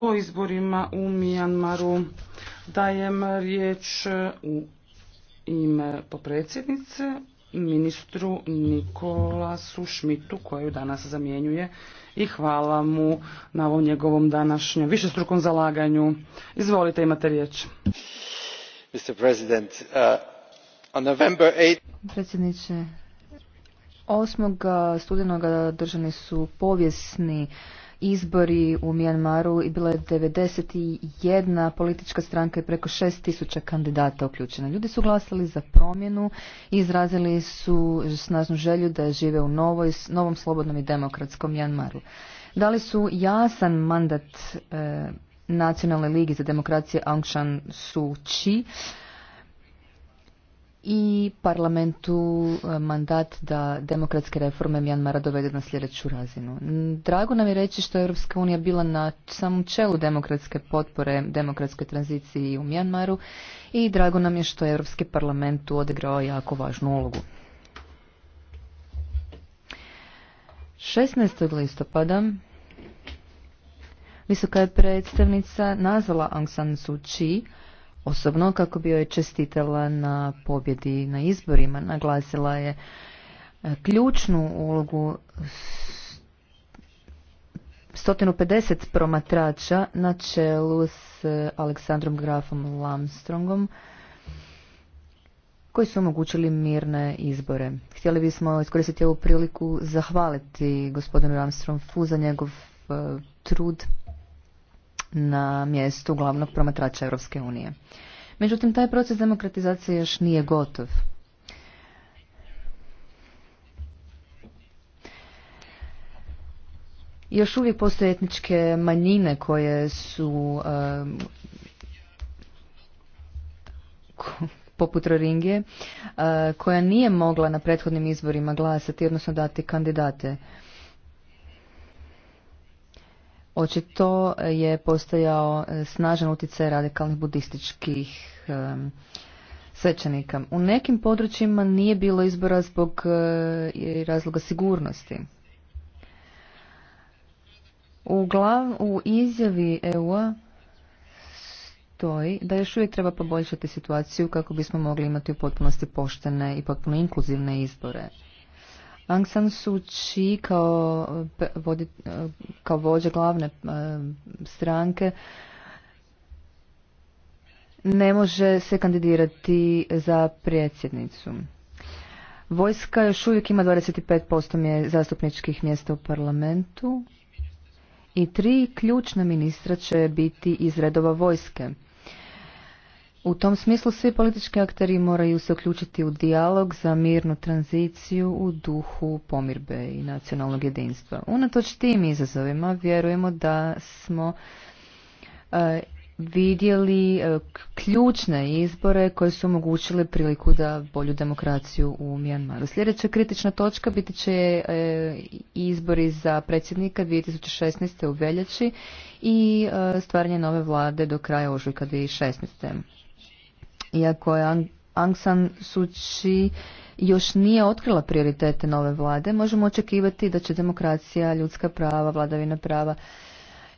o izborima u Mijanmaru. Dajem riječ u ime popredsjednice ministru Nikolasu Šmitu koju danas zamjenjuje i hvala mu na ovom njegovom današnjem višestrukom zalaganju. Izvolite, imate riječ. Mr. President, uh, November 8... Predsjedniče, uh, studenoga držani su povijesni izbori u Mijanmaru i bila je 91 politička stranka i preko 6000 kandidata uključena. Ljudi su glasali za promjenu i izrazili su snažnu želju da žive u novoj, novom slobodnom i demokratskom Mijanmaru. Dali su jasan mandat e, eh, Nacionalne ligi za demokracije Aung San Suu Kyi i parlamentu e, mandat da demokratske reforme Mjanmara dovede na sljedeću razinu. Drago nam je reći što je Europska unija bila na samom čelu demokratske potpore demokratskoj tranziciji u Mjanmaru i drago nam je što je Europski parlament tu odigrao jako važnu ulogu. 16. listopada visoka je predstavnica nazvala Aung San Suu Kyi osobno kako bi joj čestitala na pobjedi na izborima. Naglasila je e, ključnu ulogu 150 promatrača na čelu s e, Aleksandrom Grafom Lamstrongom koji su omogućili mirne izbore. Htjeli bismo iskoristiti ovu priliku zahvaliti gospodinu Lamstrongu za njegov e, trud na mjestu glavnog promatrača Europske unije. Međutim, taj proces demokratizacije još nije gotov. Još uvijek postoje etničke manjine koje su um, poput Roringije, uh, koja nije mogla na prethodnim izborima glasati, odnosno dati kandidate. Očito je postojao e, snažan utjecaj radikalnih budističkih e, svećenika. U nekim područjima nije bilo izbora zbog e, razloga sigurnosti. U, u izjavi EU-a stoji da još uvijek treba poboljšati situaciju kako bismo mogli imati u potpunosti poštene i potpuno inkluzivne izbore. Aung San Suu Kyi kao, kao vođa glavne e, stranke ne može se kandidirati za predsjednicu. Vojska još uvijek ima 25% zastupničkih mjesta u parlamentu i tri ključna ministra će biti iz redova vojske. U tom smislu svi politički akteri moraju se uključiti u dijalog za mirnu tranziciju u duhu pomirbe i nacionalnog jedinstva. Unatoč tim izazovima vjerujemo da smo e, vidjeli e, ključne izbore koje su omogućile priliku da bolju demokraciju u Mijanmaru. Sljedeća kritična točka biti će e, izbori za predsjednika 2016. u veljači i e, stvaranje nove vlade do kraja ožujka 2016. Iako je Aung San Suu Kyi još nije otkrila prioritete nove vlade, možemo očekivati da će demokracija, ljudska prava, vladavina prava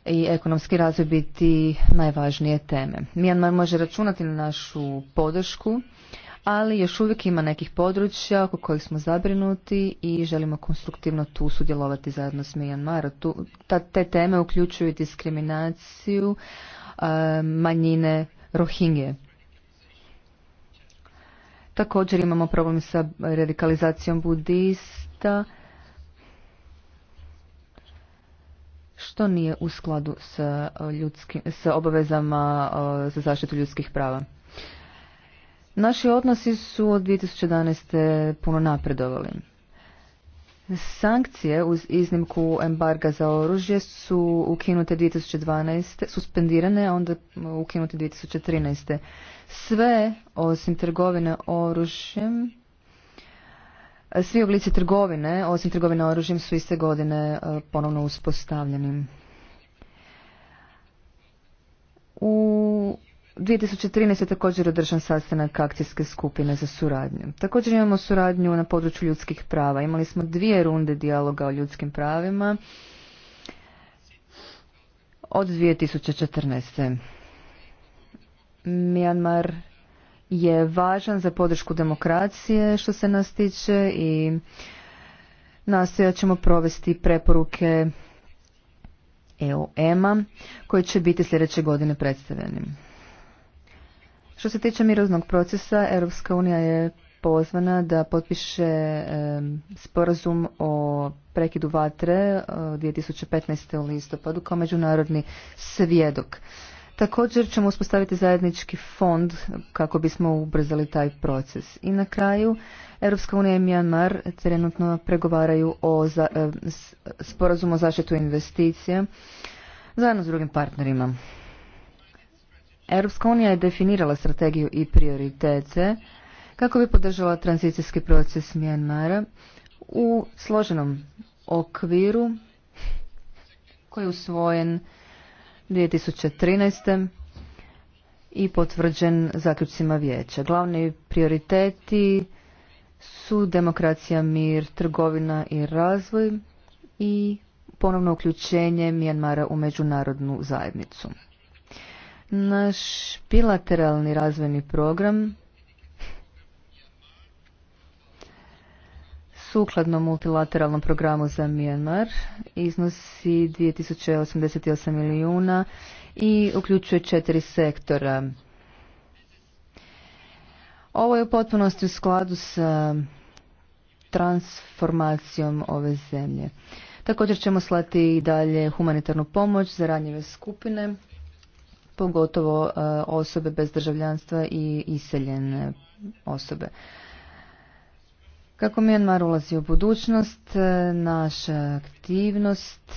i ekonomski razvoj biti najvažnije teme. Mijanmar može računati na našu podršku, ali još uvijek ima nekih područja oko kojih smo zabrinuti i želimo konstruktivno tu sudjelovati zajedno s Mijanmarom. Te teme uključuju diskriminaciju manjine Rohingje. Također imamo problem sa radikalizacijom budista, što nije u skladu sa, ljudskim, sa obavezama e, za zaštitu ljudskih prava. Naši odnosi su od 2011. puno napredovali. Sankcije uz iznimku embarga za oružje su ukinute 2012. suspendirane, onda ukinute 2013. Sve osim trgovine oružjem svi oblici trgovine, osim trgovine oružjem, su iste godine e, ponovno uspostavljeni. U 2013. je također održan sastanak akcijske skupine za suradnju. Također imamo suradnju na području ljudskih prava. Imali smo dvije runde dijaloga o ljudskim pravima od 2014. Mijanmar je važan za podršku demokracije što se nas tiče i nastojat ćemo provesti preporuke EOM-a e koje će biti sljedeće godine predstavljeni. Što se tiče mirovnog procesa, Europska unija je pozvana da potpiše sporazum o prekidu vatre 2015. E, u listopadu kao međunarodni svjedok. Također ćemo uspostaviti zajednički fond kako bismo ubrzali taj proces. I na kraju, Europska unija i Myanmar trenutno pregovaraju o e, sporazumu o zaštitu investicija zajedno s drugim partnerima. Europska unija je definirala strategiju i prioritete kako bi podržala tranzicijski proces Mijanmara u složenom okviru koji je usvojen 2013. i potvrđen zaključcima vijeća. Glavni prioriteti su demokracija, mir, trgovina i razvoj i ponovno uključenje Mijanmara u međunarodnu zajednicu. Naš bilateralni razvojni program sukladno multilateralnom programu za Mijanmar iznosi 2088 milijuna i uključuje četiri sektora. Ovo je u potpunosti u skladu sa transformacijom ove zemlje. Također ćemo slati i dalje humanitarnu pomoć za ranjive skupine pogotovo e, osobe bez državljanstva i iseljene osobe. Kako Mijanmar ulazi u budućnost, e, naša aktivnost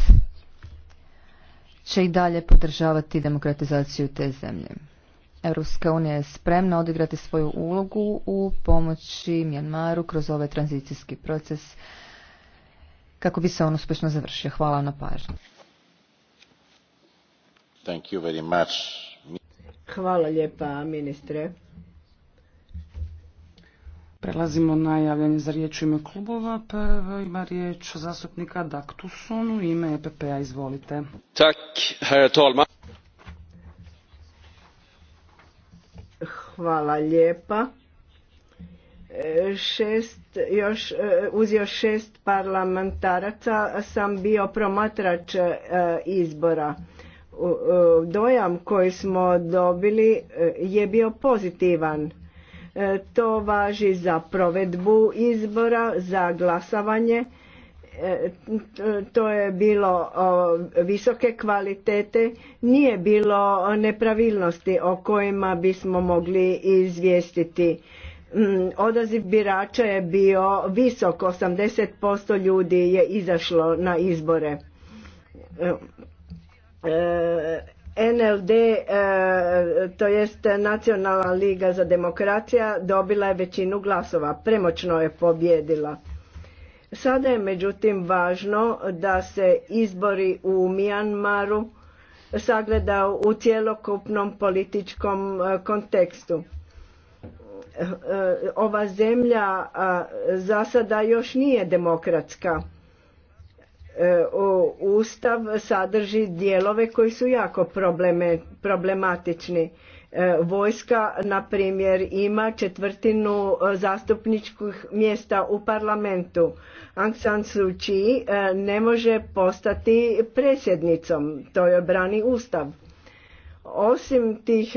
će i dalje podržavati demokratizaciju te zemlje. Europska unija je spremna odigrati svoju ulogu u pomoći Mijanmaru kroz ovaj tranzicijski proces kako bi se on uspješno završio. Hvala na pažnju. Thank you very much. Hvala lijepa ministre. Prelazimo na javljanje za riječ u ime klubova. Prvo ima riječ zastupnika Daktuson u ime EPP-a. Izvolite. herr talman. Hvala lijepa. E, šest, još, e, uz šest parlamentaraca sam bio promatrač e, izbora dojam koji smo dobili e, je bio pozitivan. E, to važi za provedbu izbora, za glasavanje. E, to je bilo visoke kvalitete, nije bilo nepravilnosti o kojima bismo mogli izvijestiti. Mm, odaziv birača je bio visok, 80% ljudi je izašlo na izbore E, NLD, e, to jest Nacionalna liga za demokracija, dobila je većinu glasova, premoćno je pobjedila. Sada je međutim važno da se izbori u Mijanmaru sagleda u cjelokupnom političkom e, kontekstu. Ova zemlja za sada još nije demokratska E, ustav sadrži dijelove koji su jako probleme, problematični. E, vojska, na primjer, ima četvrtinu e, zastupničkih mjesta u parlamentu. Aung San Suu Kyi ne može postati predsjednicom, to je brani Ustav. Osim tih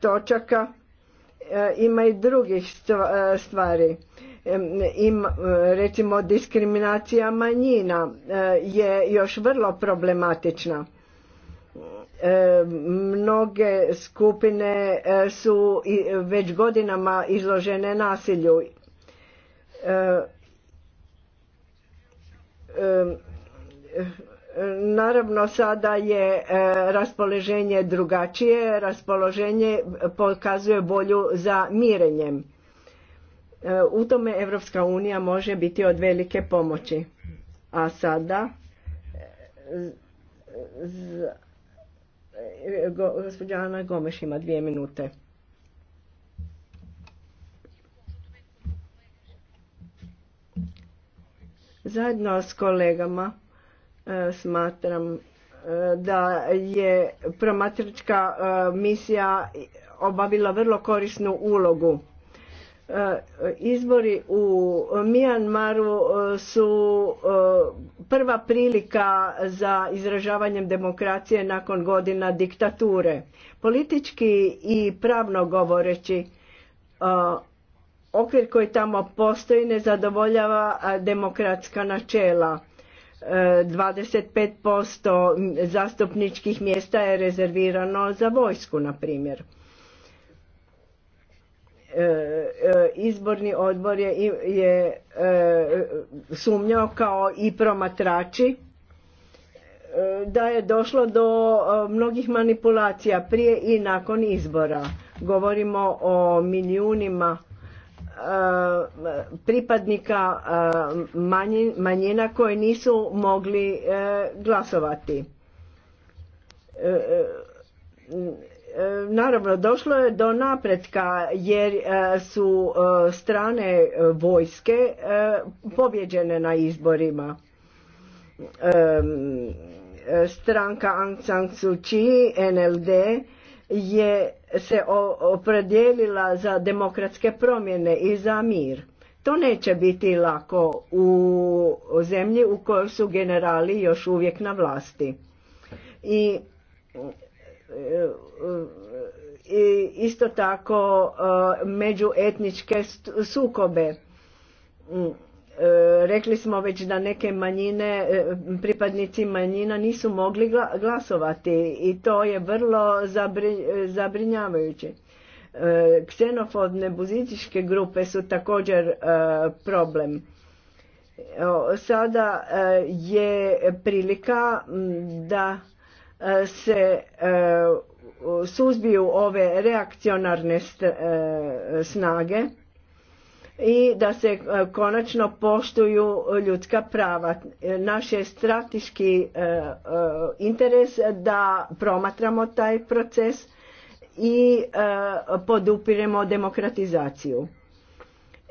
točaka ima i drugih stvari E, recimo diskriminacija manjina e, je još vrlo problematična. E, mnoge skupine su već godinama izložene nasilju. Naravno sada je raspoloženje drugačije, raspoloženje pokazuje bolju za mirenjem E, u tome Evropska unija može biti od velike pomoći. A sada e, e, gospođa Ana Gomeš ima dvije minute. Zajedno s kolegama smatram da je promatrička misija obavila vrlo korisnu ulogu Izbori u Mijanmaru e, su e, prva prilika za izražavanjem demokracije nakon godina diktature. Politički i pravno govoreći, e, okvir koji tamo postoji ne zadovoljava demokratska načela. 25% zastupničkih mjesta je rezervirano za vojsku, na primjer. E, e, izborni odbor je, je e, sumnjao kao i promatrači da je došlo do mnogih manipulacija prije i nakon izbora. Govorimo o milijunima pripadnika manjina koji nisu mogli glasovati naravno došlo je do napretka jer e, su e, strane vojske e, pobjeđene na izborima. Stranka Aung San Suu Kyi, NLD, je se opredijelila za demokratske promjene i za mir. To neće biti lako u zemlji u kojoj su generali još uvijek na vlasti. I isto tako e, međuetničke sukobe. Mm, e, rekli smo već da neke manjine, e, pripadnici manjina nisu mogli glasovati i to je vrlo zabrinjavajuće. Ksenofobne buzitičke grupe su također problem. Sada je prilika da se suzbiju ove reakcionarne e, snage i da se e, konačno poštuju ljudska prava. Naš je strateški e, interes da promatramo taj proces i podupiremo demokratizaciju.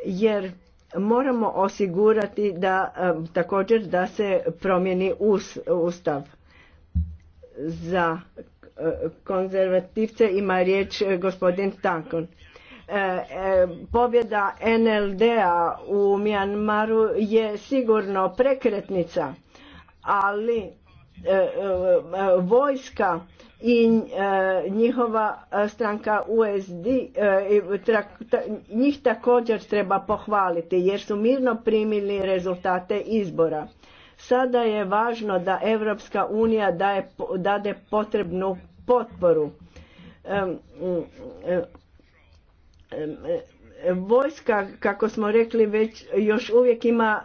Jer moramo osigurati da također da se promijeni ustav za konzervativce ima riječ e, gospodin Tankon. E, e, pobjeda NLD-a u Mijanmaru je sigurno prekretnica, ali vojska i njihova stranka USD njih također treba pohvaliti jer su mirno primili rezultate izbora. Sada je važno da Europska unija dade potrebnu potporu. Vojska, kako smo rekli, već još uvijek ima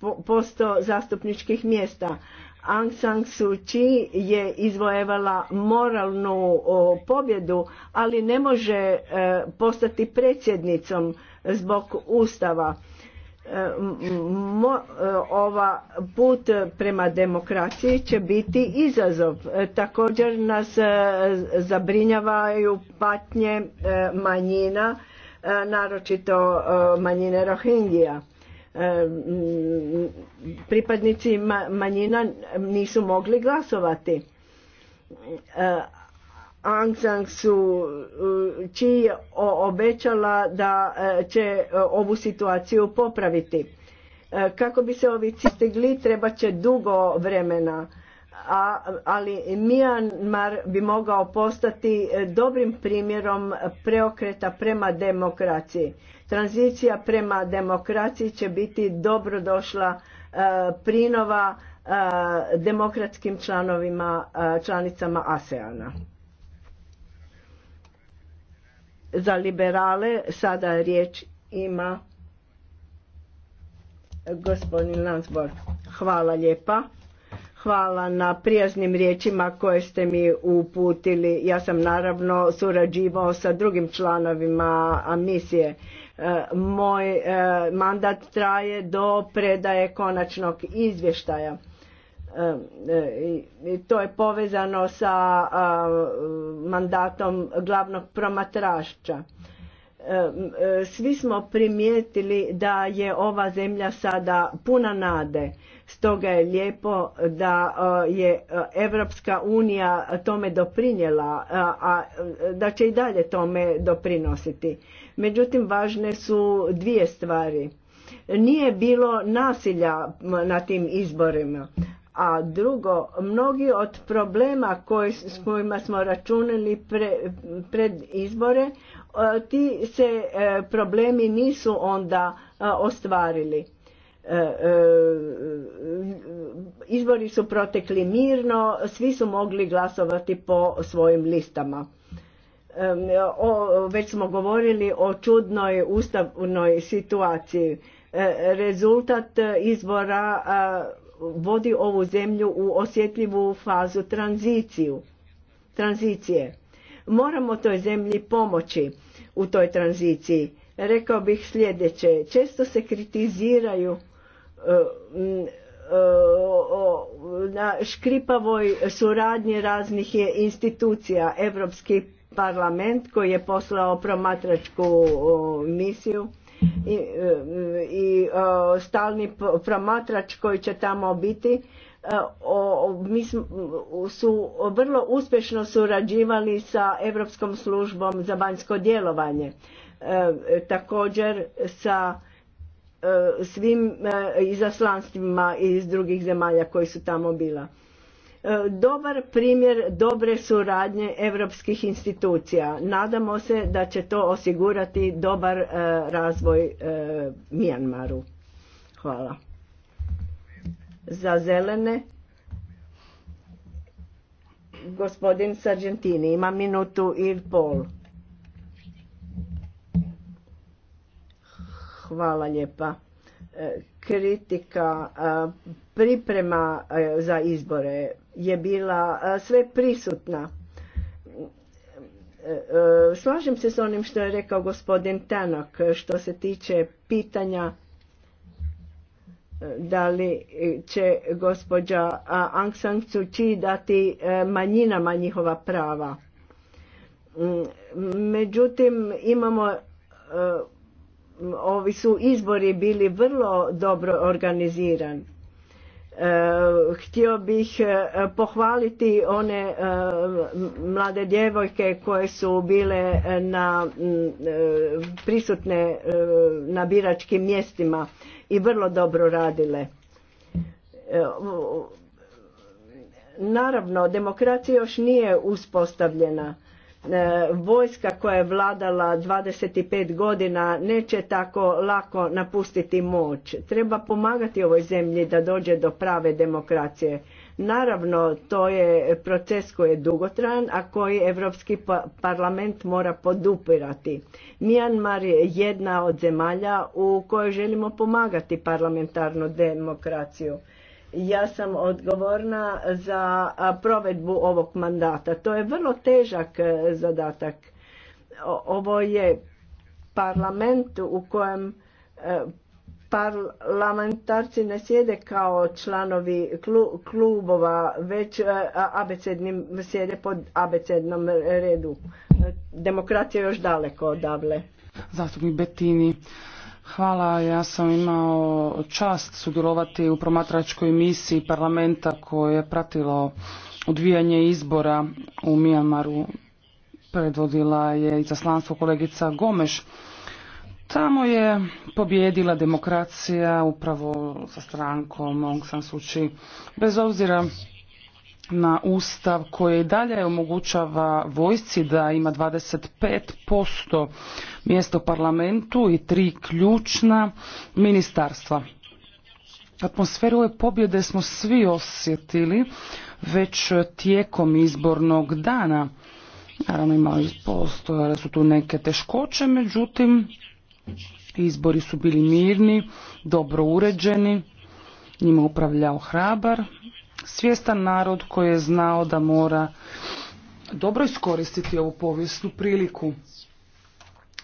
20% zastupničkih mjesta. Aung San Suu Kyi je izvojevala moralnu pobjedu, ali ne može e, postati predsjednicom zbog ustava. E, ova put prema demokraciji će biti izazov. E, također nas e, zabrinjavaju patnje manjina, naročito manjine Rohingija. Pripadnici manjina nisu mogli glasovati Aung San Suu Kyi eh, obećala da eh, će eh, ovu situaciju popraviti. Kako bi se ovi cistigli treba će dugo vremena, a, ali Myanmar bi mogao postati dobrim primjerom preokreta prema demokraciji. Tranzicija prema demokraciji će biti dobrodošla prinova demokratskim članovima, članicama ASEANA za liberale sada riječ ima gospodin Lansborg. Hvala lijepa. Hvala na prijaznim riječima koje ste mi uputili. Ja sam naravno surađivao sa drugim članovima misije. E, moj e, mandat traje do predaje konačnog izvještaja i to je povezano sa mandatom glavnog promatrašća. E, e, svi smo primijetili da je ova zemlja sada puna nade. Stoga je lijepo da je Evropska unija tome doprinjela, a da će i dalje tome doprinositi. Međutim, važne su dvije stvari. Nije bilo nasilja na tim izborima. A drugo, mnogi od problema koje s kojima smo računali pre, pred izbore, e, ti se e, problemi nisu onda e, ostvarili. Izbori su protekli mirno, svi su mogli glasovati po svojim listama. već smo govorili o čudnoj ustavnoj situaciji. Rezultat izbora vodi ovu zemlju u osjetljivu fazu tranziciju, tranzicije. Moramo toj zemlji pomoći u toj tranziciji. Rekao bih sljedeće, često se kritiziraju e, e, na škripavoj suradnji raznih institucija Europski parlament koji je poslao promatračku misiju i, e, i e, stalni promatrač koji će tamo biti e, o, su vrlo uspješno surađivali sa Europskom službom za vanjsko djelovanje također sa svim e, izaslanstvima iz drugih zemalja koji su tamo bila E, dobar primjer dobre suradnje europskih institucija. Nadamo se da će to osigurati dobar e, razvoj e, Mijanmaru. Hvala. Za zelene gospodin Sargentini ima minutu i pol. Hvala lijepa. Kritika priprema za izbore je bila sve prisutna. E, e, slažem se s onim što je rekao gospodin Tanak što se tiče pitanja e, da li će gospođa Aung San Suu Kyi dati manjinama njihova prava. Mm, međutim, imamo ovi su izbori bili vrlo dobro organizirani E, htio bih e, pohvaliti one e, mlade djevojke koje su bile na, prisutne na biračkim mjestima i vrlo dobro radile. Naravno, demokracija još nije uspostavljena E, vojska koja je vladala 25 godina neće tako lako napustiti moć. Treba pomagati ovoj zemlji da dođe do prave demokracije. Naravno, to je proces koji je dugotran, a koji Europski pa, parlament mora podupirati. Mijanmar je jedna od zemalja u kojoj želimo pomagati parlamentarnu demokraciju ja sam odgovorna za provedbu ovog mandata. To je vrlo težak e, zadatak. Ovo je parlament u kojem e, parlamentarci ne sjede kao članovi klubova, već e, abecednim, sjede pod abecednom redu. Demokracija je još daleko odavle. Zastupnik Betini. Hvala, ja sam imao čast sudjelovati u promatračkoj misiji parlamenta koje je pratilo odvijanje izbora u Mijanmaru. Predvodila je izaslanstvo kolegica Gomeš. Tamo je pobjedila demokracija upravo sa strankom Aung San Suu Kyi. Bez obzira na ustav koji dalje omogućava vojsci da ima 25% mjesto u parlamentu i tri ključna ministarstva. Atmosferu ove pobjede smo svi osjetili već tijekom izbornog dana. Naravno imali postojale su tu neke teškoće, međutim izbori su bili mirni, dobro uređeni, njima upravljao hrabar svjestan narod koji je znao da mora dobro iskoristiti ovu povijesnu priliku.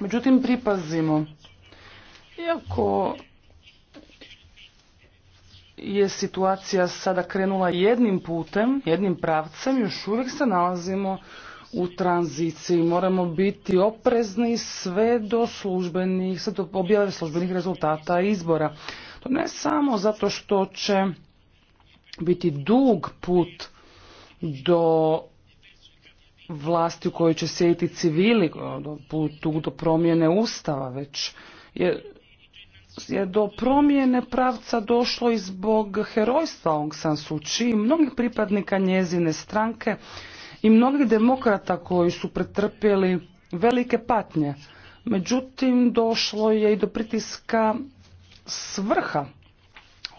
Međutim, pripazimo. Iako je situacija sada krenula jednim putem, jednim pravcem, još uvijek se nalazimo u tranziciji. Moramo biti oprezni sve do službenih, sve do objave službenih rezultata izbora. To ne samo zato što će biti dug put do vlasti u kojoj će sjediti civili, ono, put do promjene ustava, već je, do promjene pravca došlo i zbog herojstva Aung San Suu i mnogih pripadnika njezine stranke i mnogih demokrata koji su pretrpjeli velike patnje. Međutim, došlo je i do pritiska svrha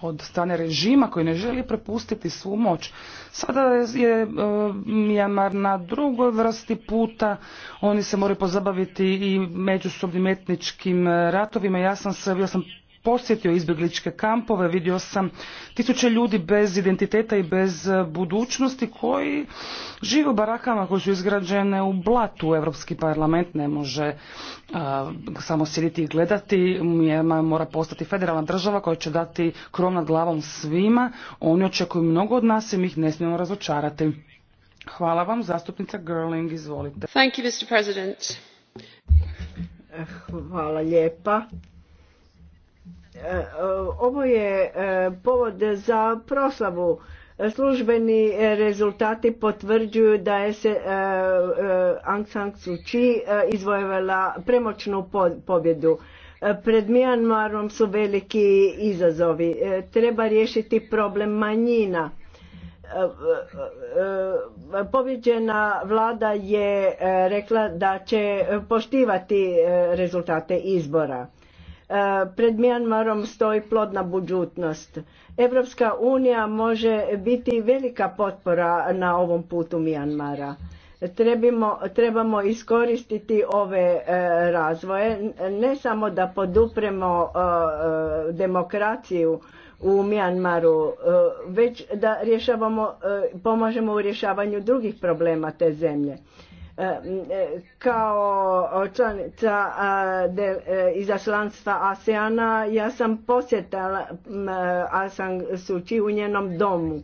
od strane režima koji ne želi prepustiti svu moć. Sada je e, Mijamar na drugoj vrsti puta, oni se moraju pozabaviti i međusobnim etničkim ratovima. Ja sam se, bio sam posjetio izbjegličke kampove, vidio sam tisuće ljudi bez identiteta i bez e, budućnosti koji žive u barakama koje su izgrađene u blatu. Europski parlament ne može e, samo sjediti i gledati, mora postati federalna država koja će dati krov nad glavom svima. Oni očekuju mnogo od nas i mi ih ne smijemo razočarati. Hvala vam, zastupnica Girling, izvolite. Thank Mr. President. Hvala lijepa. Ovo je e, povod za proslavu. Službeni e, rezultati potvrđuju da je se e, Aung San Suu Kyi izvojevala premoćnu pobjedu. Pred Mijanmarom su veliki izazovi. Treba riješiti problem manjina. Pobjeđena vlada je rekla da će poštivati rezultate izbora. E, pred Mijanmarom stoji plodna budućnost. Evropska unija može biti velika potpora na ovom putu Mijanmara. Trebimo, trebamo iskoristiti ove e, razvoje, ne samo da podupremo e, demokraciju u Mijanmaru, već da rješavamo, pomažemo u rješavanju drugih problema te zemlje. E, e, kao članica e, izaslanstva ASEANA ja sam posjetala sam Suči u njenom domu.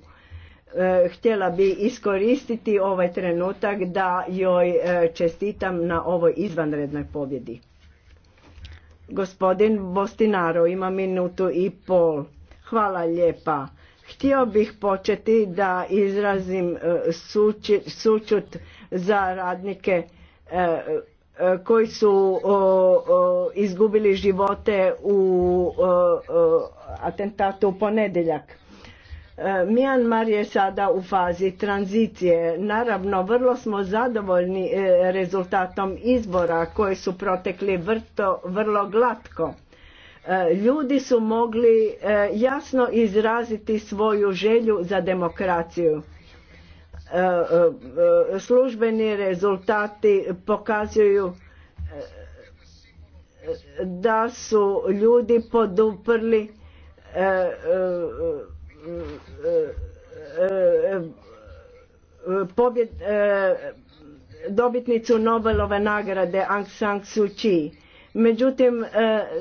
Htjela bi iskoristiti ovaj trenutak da joj čestitam na ovoj izvanrednoj pobjedi. Gospodin Bostinaro ima minutu i pol. Hvala lijepa. Htio bih početi da izrazim e, sučut za radnike e, e, koji su izgubili živote u atentatu u ponedjeljak. Mijanmar je sada u fazi tranzicije. Naravno, vrlo smo zadovoljni rezultatom izbora koji su protekli vrlo glatko. E, ljudi su mogli e, jasno izraziti svoju želju za demokraciju. E, službeni rezultati pokazuju da su ljudi poduprli dobitnicu Nobelove nagrade Aung San Suu Kyi Međutim, e,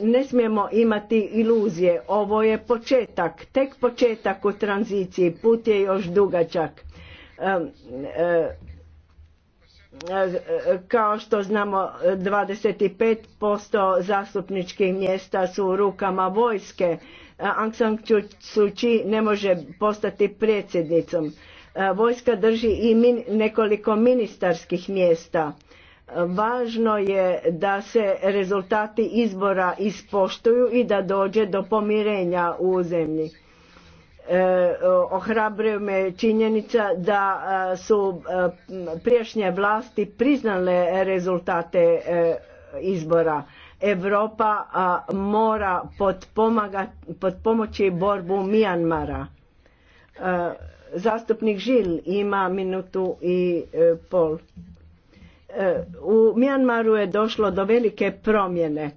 ne smijemo imati iluzije. Ovo je početak, tek početak u tranziciji. Put je još dugačak. E, e, kao što znamo, 25% zastupničkih mjesta su u rukama vojske. Aung San Suu Kyi ne može postati predsjednicom. Vojska drži i nekoliko ministarskih mjesta Važno je da se rezultati izbora ispoštuju i da dođe do pomirenja u zemlji. E, ohrabruje me činjenica da e, su e, priješnje vlasti priznale rezultate izbora. Evropa mora pomoći borbu Mijanmara. Zastupnik Žil ima minutu i pol. U Mijanmaru je došlo do velike promjene.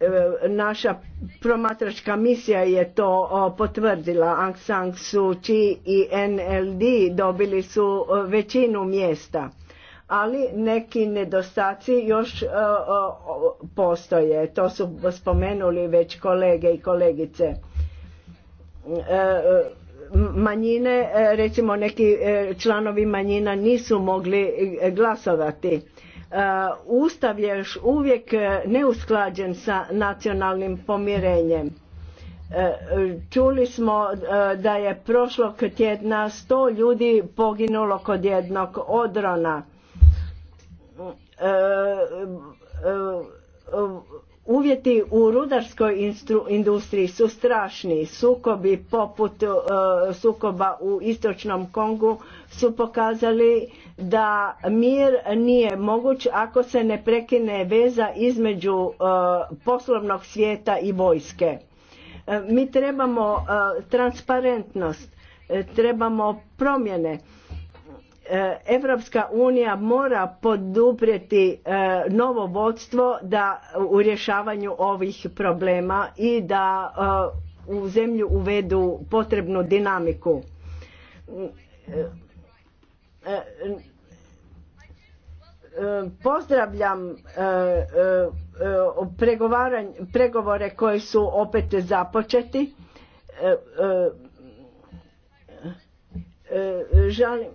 E, naša promatračka misija je to potvrdila. Aung San Suu Kyi i NLD dobili su većinu mjesta ali neki nedostaci još e, postoje. To su spomenuli već kolege i kolegice. E, manjine, e, recimo neki e, članovi manjina nisu mogli e, glasovati. Ustav je još uvijek neusklađen sa nacionalnim pomirenjem. Čuli smo da je prošlog tjedna sto ljudi poginulo kod jednog odrona. Uvjeti u rudarskoj industriji su strašni. Sukobi poput e, sukoba u istočnom Kongu su pokazali da mir nije moguć ako se ne prekine veza između e, poslovnog svijeta i vojske. E, mi trebamo transparentnost, trebamo promjene E, Evropska unija mora poduprijeti e, novo vodstvo da u rješavanju ovih problema i da e, u zemlju uvedu potrebnu dinamiku. Pozdravljam pregovore koji su opet započeti. Želim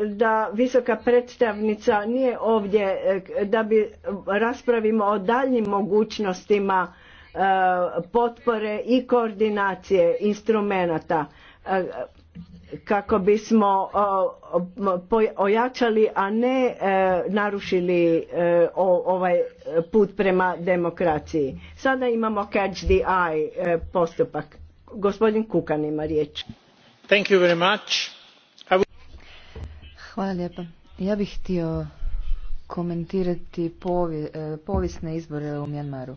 da visoka predstavnica nije ovdje e, da bi raspravimo o daljnjim mogućnostima e, potpore i koordinacije instrumenata e, kako bismo ojačali a ne narušili ovaj put prema demokraciji. Sada imamo catch the eye postupak. Gospodin Kukan ima riječ. Thank you Hvala lijepa. Ja bih htio komentirati povisne povijesne izbore u Mjanmaru.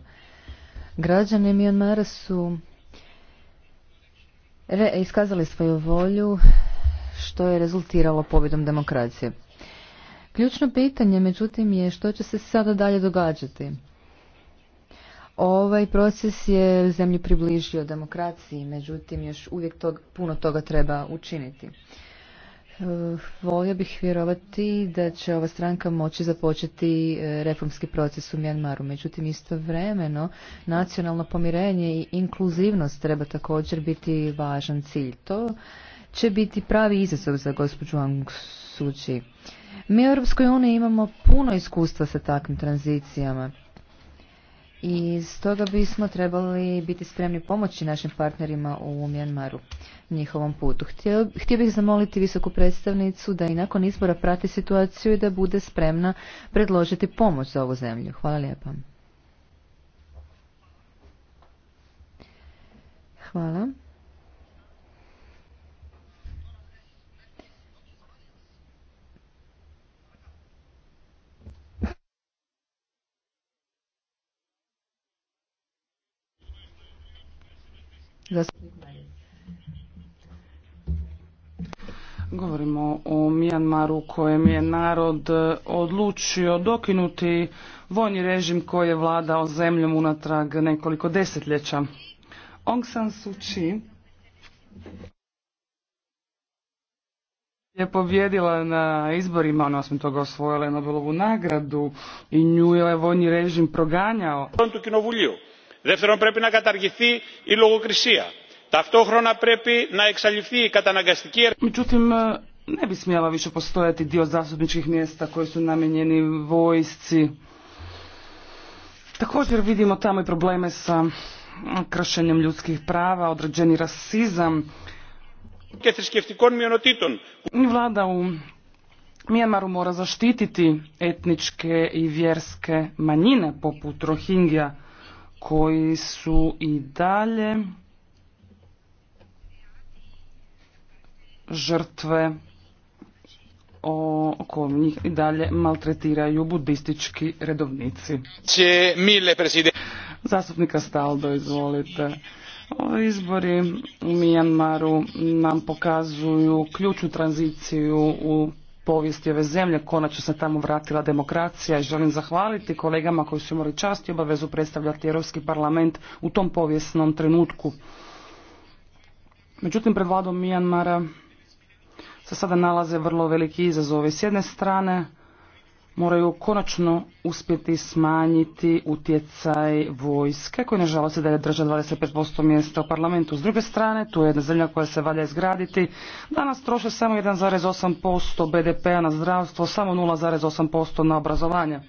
Građani Mjanmara su iskazali svoju volju što je rezultiralo pobjedom demokracije. Ključno pitanje, međutim, je što će se sada dalje događati. Ovaj proces je zemlju približio demokraciji, međutim, još uvijek puno toga treba učiniti. Volio bih vjerovati da će ova stranka moći započeti e, reformski proces u Mjanmaru. Međutim, istovremeno nacionalno pomirenje i inkluzivnost treba također biti važan cilj. To će biti pravi izazov za gospođu Aung Suu Kyi. Mi u EU imamo puno iskustva sa takvim tranzicijama i stoga bismo trebali biti spremni pomoći našim partnerima u Mjanmaru njihovom putu. Htio, bih zamoliti visoku predstavnicu da i nakon izbora prati situaciju i da bude spremna predložiti pomoć za ovu zemlju. Hvala lijepa. Hvala. Govorimo o Mijanmaru kojem je narod e, odlučio dokinuti vojni režim koji je vladao zemljom unatrag nekoliko desetljeća. Aung San Suu Kyi je pobjedila na izborima, ona osim toga osvojila Nobelovu nagradu i nju je vojni režim proganjao δεύτερον πρέπει να καταργηθεί η λογοκρισία. ταυτόχρονα πρέπει να εξαλειφθεί η Međutim, ne bi smjela više postojati dio zastupničkih mjesta koji su namijenjeni vojsci. Također vidimo tamo i probleme sa kršenjem ljudskih prava, određeni rasizam. Vlada u Mijanmaru mora zaštititi etničke i vjerske manjine poput Rohingja koji su i dalje žrtve oko njih i dalje maltretiraju budistički redovnici. Mile Zastupnika Staldo, izvolite. Ovi izbori u Mijanmaru nam pokazuju ključnu tranziciju u povijesti ove zemlje. Konačno se tamo vratila demokracija i želim zahvaliti kolegama koji su imali čast i obavezu predstavljati Europski parlament u tom povijesnom trenutku. Međutim, pred vladom Mijanmara se sada nalaze vrlo veliki izazovi. S jedne strane, moraju konačno uspjeti smanjiti utjecaj vojske koji nažalost da je drža 25% mjesta u parlamentu. S druge strane, tu je jedna zemlja koja se valja izgraditi. Danas troše samo 1,8% BDP-a na zdravstvo, samo 0,8% na obrazovanje.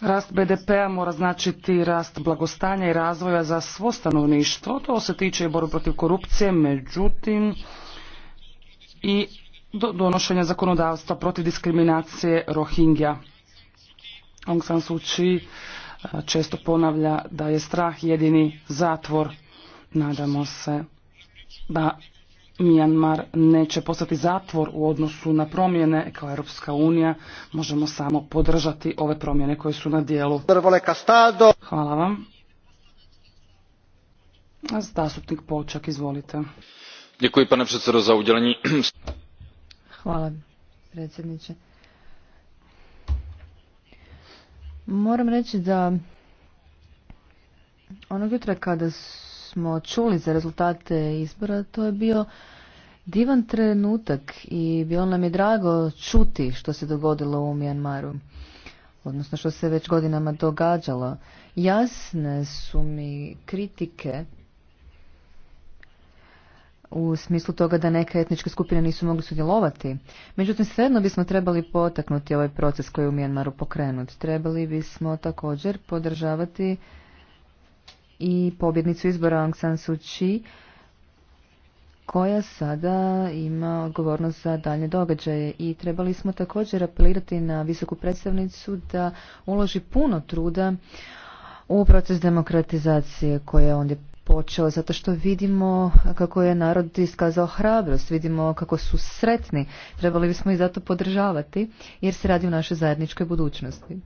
Rast BDP-a mora značiti rast blagostanja i razvoja za svo stanovništvo. To se tiče i boru protiv korupcije, međutim i do donošenja zakonodavstva protiv diskriminacije Rohingja. Aung San Suu Kyi e, često ponavlja da je strah jedini zatvor. Nadamo se da Mijanmar neće postati zatvor u odnosu na promjene kao Europska unija. Možemo samo podržati ove promjene koje su na dijelu. Hvala vam. Zastupnik počak izvolite. Děkuji, pane za Hvala, predsjedniče. Moram reći da onog jutra kada smo čuli za rezultate izbora, to je bio divan trenutak i bilo nam je drago čuti što se dogodilo u Mijanmaru, odnosno što se već godinama događalo. Jasne su mi kritike u smislu toga da neke etničke skupine nisu mogli sudjelovati. Međutim, svejedno bismo trebali potaknuti ovaj proces koji je u Mijanmaru pokrenut. Trebali bismo također podržavati i pobjednicu izbora Aung San Suu Kyi, koja sada ima odgovornost za daljnje događaje i trebali smo također apelirati na visoku predstavnicu da uloži puno truda u proces demokratizacije koje je ondje počeo zato što vidimo kako je narod iskazao hrabrost, vidimo kako su sretni. Trebali bismo i zato podržavati jer se radi o našoj zajedničkoj budućnosti.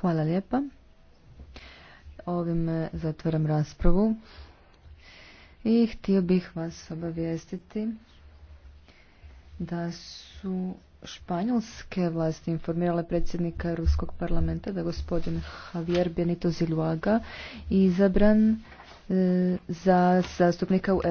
Hvala lijepa. Ovime zatvaram raspravu i htio bih vas obavijestiti da su španjolske vlasti informirale predsjednika Ruskog parlamenta da gospodin Javier Benito Ziluaga izabran e, za zastupnika u